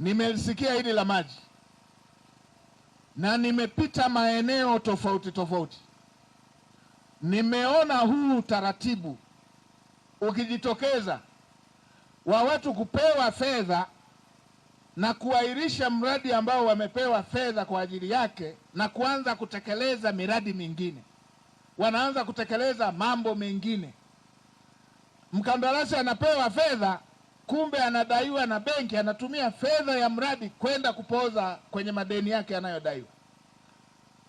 Nimelisikia hili la maji na nimepita maeneo tofauti tofauti, nimeona huu utaratibu ukijitokeza wa watu kupewa fedha na kuahirisha mradi ambao wamepewa fedha kwa ajili yake na kuanza kutekeleza miradi mingine, wanaanza kutekeleza mambo mengine. Mkandarasi anapewa fedha kumbe anadaiwa na benki, anatumia fedha ya mradi kwenda kupoza kwenye madeni yake yanayodaiwa.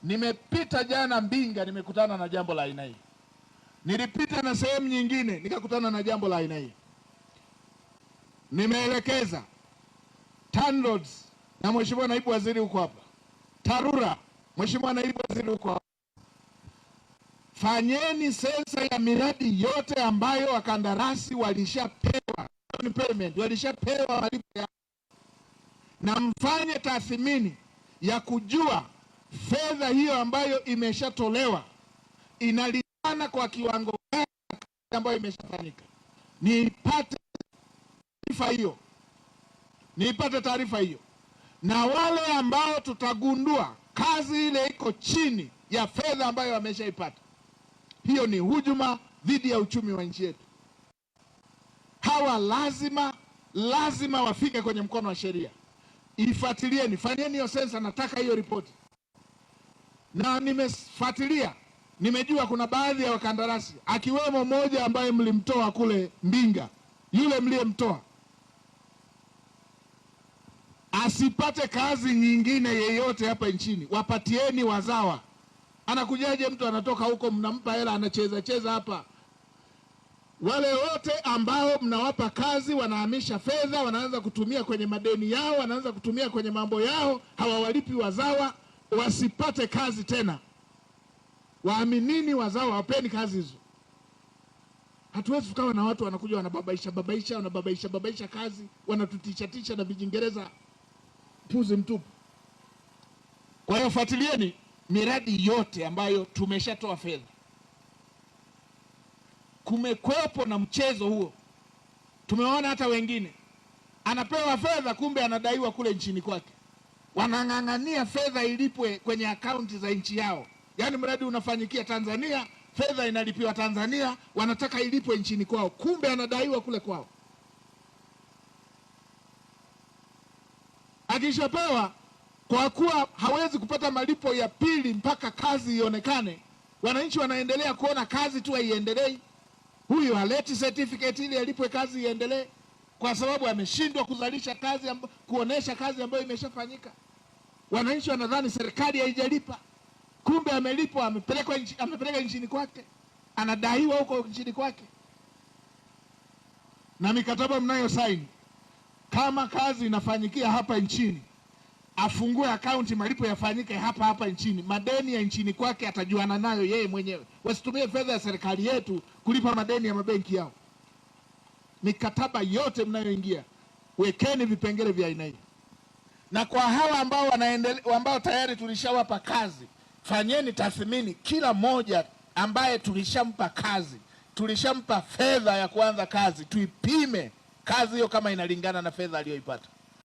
Nimepita jana Mbinga, nimekutana na jambo la aina hii. Nilipita na sehemu nyingine nikakutana na jambo la aina hii. Nimeelekeza TANROADS na Mheshimiwa naibu waziri huko hapa, TARURA Mheshimiwa naibu waziri huko hapa, fanyeni sensa ya miradi yote ambayo wakandarasi walishape down payment walishapewa malipo ya na mfanye tathmini ya kujua fedha hiyo ambayo imeshatolewa inalingana kwa kiwango gani ambayo imeshafanyika. Niipate taarifa hiyo, niipate taarifa hiyo, na wale ambao tutagundua kazi ile iko chini ya fedha ambayo wameshaipata, hiyo ni hujuma dhidi ya uchumi wa nchi yetu hawa lazima lazima wafike kwenye mkono wa sheria. Ifuatilieni, fanyeni hiyo sensa, nataka hiyo ripoti. Na nimefuatilia, nimejua kuna baadhi ya wakandarasi akiwemo mmoja ambaye mlimtoa kule Mbinga, yule mliyemtoa asipate kazi nyingine yeyote hapa nchini, wapatieni wazawa. Anakujaje mtu anatoka huko, mnampa hela, anacheza cheza hapa wale wote ambao mnawapa kazi wanahamisha fedha, wanaanza kutumia kwenye madeni yao, wanaanza kutumia kwenye mambo yao, hawawalipi wazawa, wasipate kazi tena. Waaminini wazawa, wapeni kazi hizo. Hatuwezi tukawa na watu wanakuja wanababaisha babaisha wanababaisha babaisha kazi, wanatutishatisha na vijingereza puzi mtupu. Kwa hiyo fuatilieni miradi yote ambayo tumeshatoa fedha kumekwepo na mchezo huo. Tumeona hata wengine anapewa fedha, kumbe anadaiwa kule nchini kwake. Wanang'ang'ania fedha ilipwe kwenye akaunti za nchi yao, yaani mradi unafanyikia Tanzania, fedha inalipiwa Tanzania, wanataka ilipwe nchini kwao, kumbe anadaiwa kule kwao. Akishapewa, kwa kuwa hawezi kupata malipo ya pili mpaka kazi ionekane, wananchi wanaendelea kuona kazi tu haiendelei, huyu aleti certificate ili alipwe kazi iendelee, kwa sababu ameshindwa kuzalisha kazi amba, kuonesha kazi ambayo imeshafanyika. Wananchi wanadhani serikali haijalipa, kumbe amelipwa, amepelekwa amepeleka nchini kwake, anadaiwa huko nchini kwake. Na mikataba mnayo saini, kama kazi inafanyikia hapa nchini afungue akaunti, malipo yafanyike hapa hapa nchini. Madeni ya nchini kwake atajuana nayo yeye mwenyewe, wasitumie fedha ya serikali yetu kulipa madeni ya mabenki yao. Mikataba yote mnayoingia wekeni vipengele vya aina hii, na kwa hawa ambao wanaendelea, ambao tayari tulishawapa kazi, fanyeni tathmini kila mmoja ambaye tulishampa kazi, tulishampa fedha ya kuanza kazi, tuipime kazi hiyo kama inalingana na fedha aliyoipata.